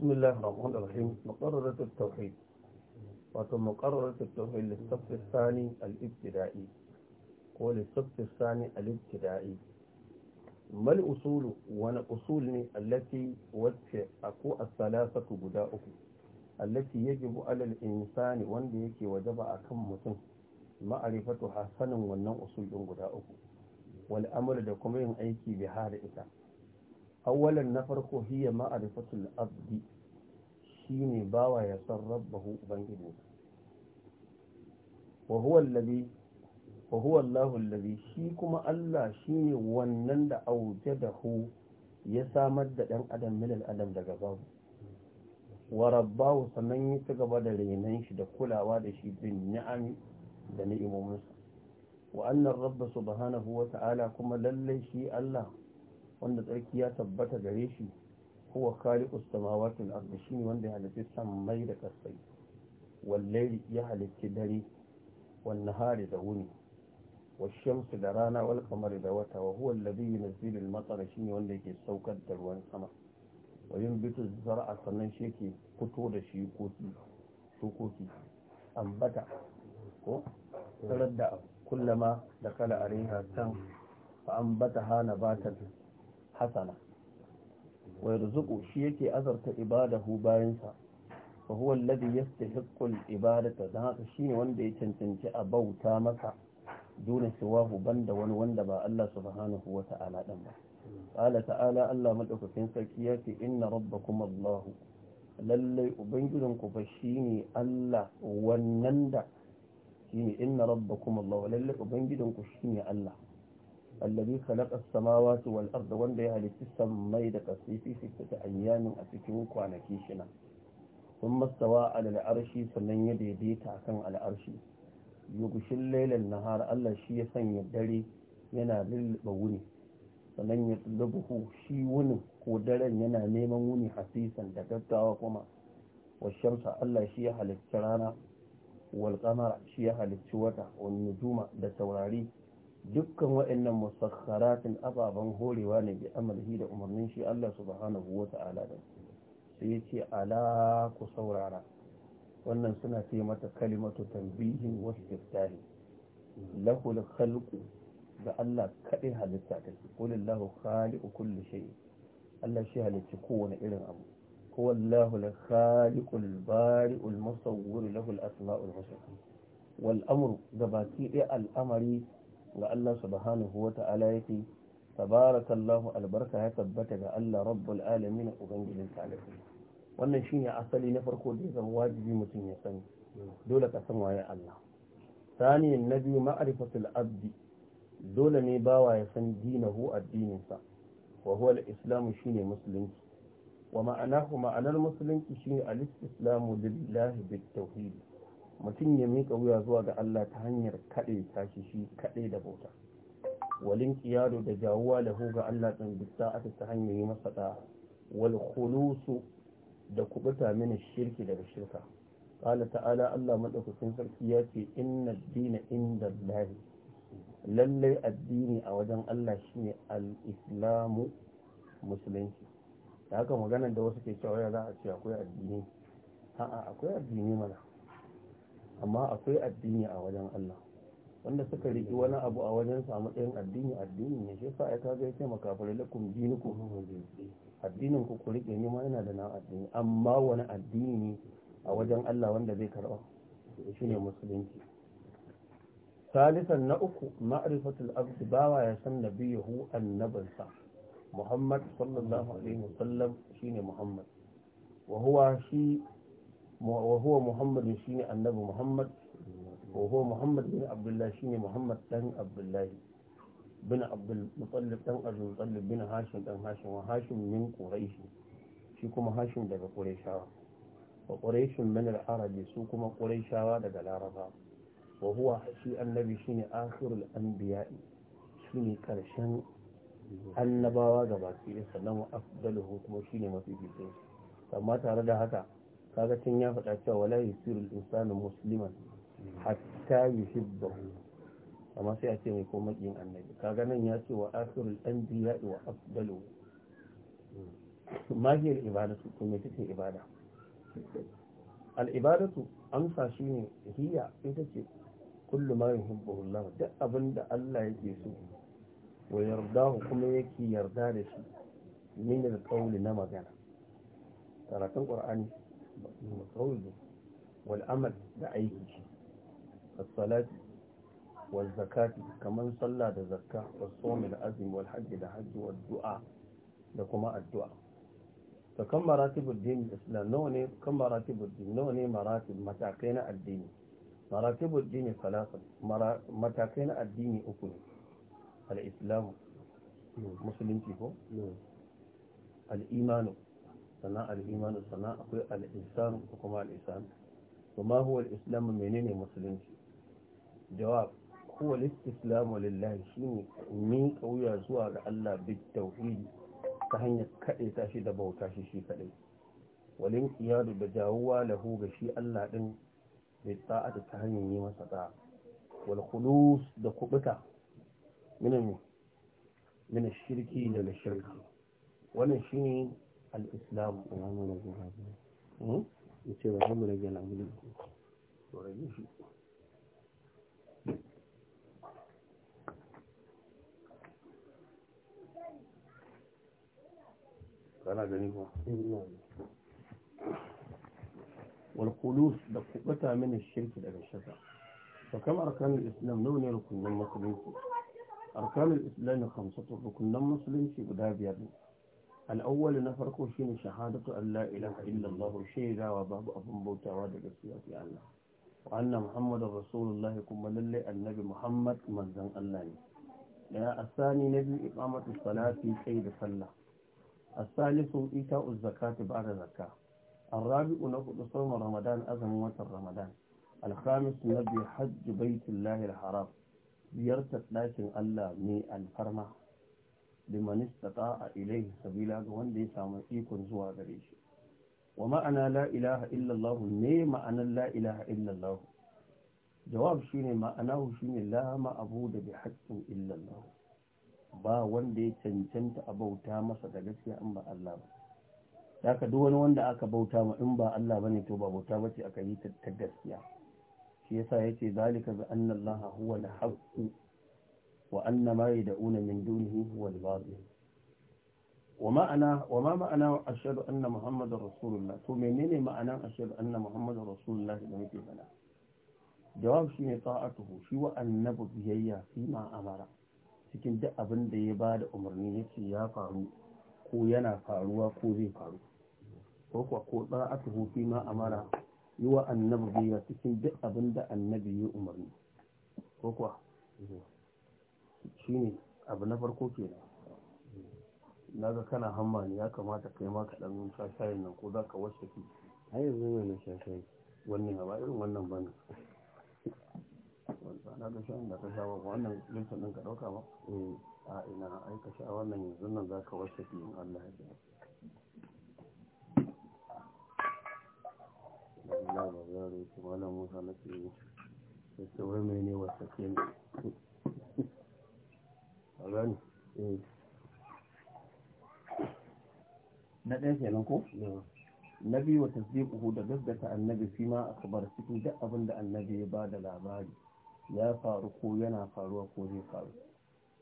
بسم الله الرحمن الرحيم مقررة التوحيد ومقررة التوحيد للصف الثاني الابتدائي وللصف الثاني الابتدائي ما الأصول وانا أصول التي وجه أكو الثلاثة بداؤه التي يجب على الإنسان وان وجب أكم متن معرفتها سنة وانا أصول بداؤه والأمر لكم أيكي بهذا إتاق awwalan na farko hiya ma'arifatul abdi shine bawa ya san rabbahu ubangiji wa huwa alladhi wa huwa Allahu shi kuma Allah shine wannan da aujadahu ya samar da dan adam milal adam daga babu wa rabbahu sannan ya ci gaba da renan shi da kulawa da shi bin ni'ami da ni'imominsa wa annar rabba subhanahu wa ta'ala kuma lallai shi Allah wanda tsarki ya tabbata gare shi huwa khaliqus samawati wal shi ne wanda ya halittu sammai da kasai wallai ya halittu dare wanne hari da wuni والشمس da rana wani kamar da wata wa huwa alladhi yunzilu matsara shi ne wanda yake saukar da ruwan sama wajen bitu zar'a sannan shi yake fito da shi ambata ko tsarar da kullama da kala a alaiha tan fa bata hana batar hasana wa yarzuqu shi yake azarta ibadahu bayansa fa huwa alladhi yastahiqqu al-ibadata dan haka shine wanda ya cancanci a bauta masa dole siwahu banda wani wanda ba Allah subhanahu wa ta'ala dan ba qala ta'ala Allah madaukakin sarki yace inna rabbakum Allah lalle ubangijinku fa shine Allah wannan da shine inna rabbakum Allah lalle ubangijinku shine Allah الذي خلق السماوات والأرض وانده لتسم ميد قصيفي ستة أيام أتكون كوانكيشنا ثم استوى على العرش سنن يدي ديتا كان على العرش يغشي الليل النهار الله شي يسن يدري yana lullaba wuni sannan ya lubuhu shi wunin ko daren yana neman wuni hasisan da gaggawa kuma washamsa Allah shi ya halicci rana wal shi ya halicci wata wani nujuma da taurari dukkan waɗannan musakharatin ababen horewa ne bi amalhi da umarnin shi Allah subhanahu wa ta'ala da sai ya ce ala ku saurara wannan suna ce mata kalimatu tambihin wasu iftahi lahul khalqu da Allah kaɗai halitta ta ce kulillahu khaliqu kulli shay Allah shi halicci kowane irin abu ko wallahu la khaliqul bari'ul musawwir lahul asma'ul husna wal amru gabaki ɗaya al'amari ga Allah subhanahu wa ta'ala yake tabarakallahu albarka ya tabbata ga Allah rabbul alamin ubangijin talafi wannan ne asali na farko da ya zama wajibi mutum ya sani dole ka san waye Allah saniyan na biyu ma'arifatul abdi dole ne bawa ya san dinahu addininsa wa huwa al-islam shine musulunci wa ma'anahu ma'anar musulunci shine al-islamu lillahi bit tauhidi mutum ya miƙa wuya zuwa ga Allah ta hanyar kaɗe tashi shi kaɗe da bauta walin kiyado da jawuwa da ga Allah ɗin bisa a ta hanyar yi masa ɗa wal khulusu da kubuta mini shirki daga shirka ƙala ta'ala Allah maɗaukakin sarki ya ce inna dina inda lahi lallai addini a wajen Allah shine al-islamu musulunci da haka maganar da wasu ke cewa ya za a ce akwai addini a'a akwai addini mana amma akwai addini a wajen Allah wanda suka riki wani abu a wajen sa matsayin addini addini ne shi yasa ai kaga yace makafirai lakum dinukum addinin ku ku riƙe ni ma ina da na addini amma wani addini ne a wajen Allah wanda zai karba ne musulunci salisan na uku ma'rifatul abd bawa ya san nabiyahu annabinsa muhammad sallallahu alaihi wasallam shine muhammad wa huwa shi وهو محمد شين النبي محمد وهو محمد بن عبد الله شين محمد بن عبد الله بن عبد المطلب بن عبد المطلب بن هاشم بن هاشم وهاشم من قريش شيكم هاشم دبا قريشا وقريش من العرب سوكم قريشا دبا العرب وهو شي النبي شين آخر الأنبياء شين كرشان annabawa gabaki da sannan afdaluhu kuma shine mafi fitin amma tare da haka kaga tun ya faɗa cewa wala yi yusirul insanu musliman hatta yuhibbahu amma sai a ce mai ko makiyin annabi kaga nan ya ce wa asirul anbiya wa afdalu ibada su, kuma me cikin ibada al ibadatu amsa ne hiya ita ce kullum ma yuhibbu Allah duk abinda Allah yake so wa yarda kuma yake yarda da shi min al na magana karatun qur'ani wal wal'amar da aiki shi salati wal zakati kamar sallah da zakka wa tsomin azumi wal hajji da hajji wa du'a da kuma addu'a ta kan maratibin dini islam nawa ne nawa ne matakai addini maratibin dini salasar matakai na addini sannan al'imanu sannan akwai al'isan ko kuma al'isan kuma huwa al'islamu menene musulunci jawab huwa al'islamu lillahi shi ne min kauya zuwa ga Allah bi tauhidi ta hanyar kaɗe ta shi da bauta shi shi kaɗai walin iyadu da jawuwa lahu ga shi Allah ɗin bi ta'ata ta hanyar yi masa ta wal khulus da kubuta minan min shirki da shirki wannan shine الإسلام وعمل جهاد يصير والخلوص دقوقتها من الشرك إلى الشفاء فكم أركان الإسلام نوني ركن المسلمين أركان الإسلام خمسة ركن المسلمين في بدابيا al’awwal na farko shi ne shahadatu Allah ilaha illallah shaida babu abin bautawa da gaskiya fi Allah wa annan Muhammadu Rasulullah kuma lallai annabi Muhammad manzan Allah ne da ya asani na biyu iqamatu salati kai da sallah as-salisu ita'u zakati ba'da zakka ar-rabi'u na hudu sawm ramadan azam watan ramadan al-khamis nabi hajji baitullahi al-haram ziyartar dakin Allah ne alfarma liman istata'a ilayhi sabila ga wanda ya samu ikon zuwa gare shi wa ma'ana la ilaha illallah ne ma'anar la ilaha illallah jawab shine ma'anahu shine la ma'budu bi haqqin illallah ba wanda ya cancanta a bauta masa da gaskiya in ba Allah ba daga duk wani wanda aka bauta ma in ba Allah bane to ba bauta bace aka yi ta gaskiya shi yasa yace zalika bi anna Allah huwa al-haqq وأن ما يدعون من دونه هو الباطل وما أنا وما معنى أشهد أن محمد رسول الله فمنين معنى أشهد أن محمد رسول الله لم يكن جواب شيء طاعته شو النبو بيهيا فيما أمر cikin duk da ya ba da umarni ya ya faru ko yana faruwa ko zai faru ko kuwa ko ɗa'atuhu fi ma amara yi wa annabi biya cikin duk abin da annabi ya umarni ko kuwa shi ne abu na farko ke na ga kana hamma ne ya kamata kai ma ka ɗan sha shayin nan ko za ka wasa ki ai yanzu ne na sha shayi wannan ba irin wannan ba ne na ga shayin da ka sha ba wannan lintin din ka ɗauka ba eh. a ina ai ka sha wannan yanzu nan za ka wasa ki in Allah ya ji Allah ba ya rufe malam Musa na ce sai wai mene ke ki kenan ko na biyu wata zikuhu da gaggata annabi fi ma a kabar cikin duk abin da annabi ya ba da labari ya faru ko yana faruwa ko zai faru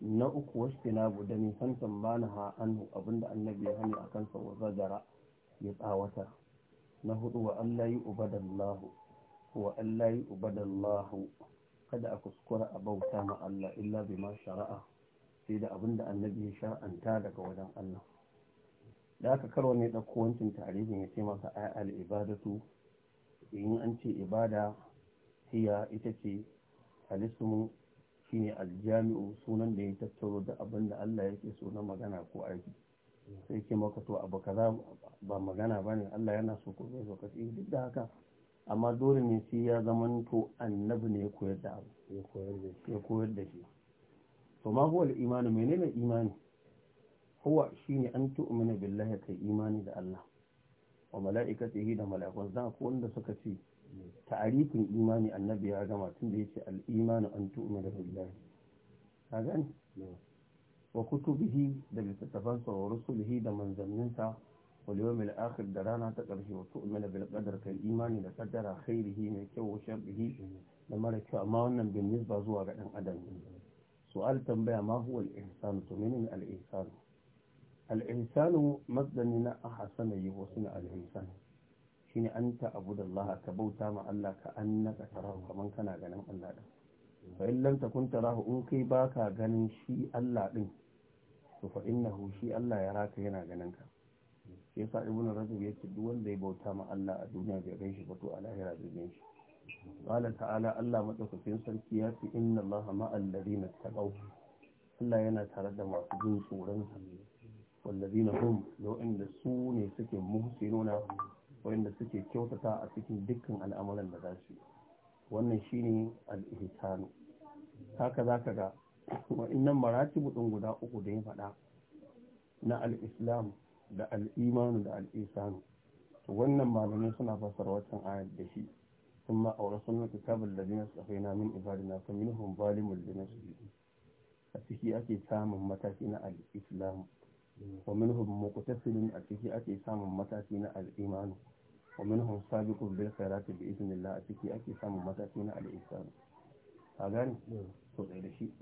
na uku wasu na da nisan ba na ha'anu abin da annabi ya hani a kansa wa zagara ya tsawata na hudu wa Allah yi ubadallahu wa Allah yi ubadallahu kada a kuskura a bauta ma Allah illa bi ma shara'a sai da abin da annabi ya shar'anta daga wajen Allah da aka karo ne ɗauko wancan tarihin ya ce masa ai ibadatu in an ce ibada hiya ita ce alismu shine aljami'u sunan da ya tattaro da abinda Allah yake so na magana ko aiki sai ke maka to abu kaza ba magana ba ne Allah yana so ko zai so ka duk da haka amma dole ne sai ya zama to annabi ne ya koyar da abu ya koyar da shi to ma huwa al-imanu menene imani huwa shine an tu'minu billahi kai imani da Allah wa mala'ikatihi da malaikun za wanda suka ce ta'arifin imani annabi ya gama tun da yace al-imanu an tu'minu billahi kaga ne wa kutubihi da littafan sa wa rusulihi da manzannin sa wa yawmil da rana ta karshe wa tu'minu bil qadar kai imani da qadara khairihi ne kai wa sharrihi da mara kyau amma wannan bin ba zuwa ga dan adam su'al tambaya ma huwa al-ihsan tu'minu al-ihsan al'insanu matsani na a hasana yi wasu na al'insan shi ne an ta'abu da Allah ka bauta ma Allah ka an na kamar kana ganin Allah ɗin fa'in lamta kun tarahu in kai ba ka ganin shi Allah ɗin to fa'in na shi Allah ya raka yana ganin ka shi yasa ibn rajab yake duk wanda ya bauta ma Allah a duniya bai gan shi ba to a lahira bai gan shi qala ta'ala Allah madaukakin sarki ya ce inna Allah ma'al ladina taqaw Allah yana tare da masu jin tsoron sa wallazina hum da su ne suke muhsinuna wa'anda suke kyautata a cikin dukkan al'amuran da za su wannan shine al-ihsan haka zaka ga wa'annan maratibu din guda uku da ya faɗa na al-islam da al-iman da al-ihsan wannan malamai suna fassara wancan ayat da shi ثم أورثنا الكتاب الذين استخينا من عبادنا فمنهم ظالم لنفسه ake أكي سام متاكين الإسلام wa minhum muqtasidun a ciki ake samun mataki na al-imanu wa minhum sabiqun bil khairati bi a ciki ake samun mataki na al hmm. shi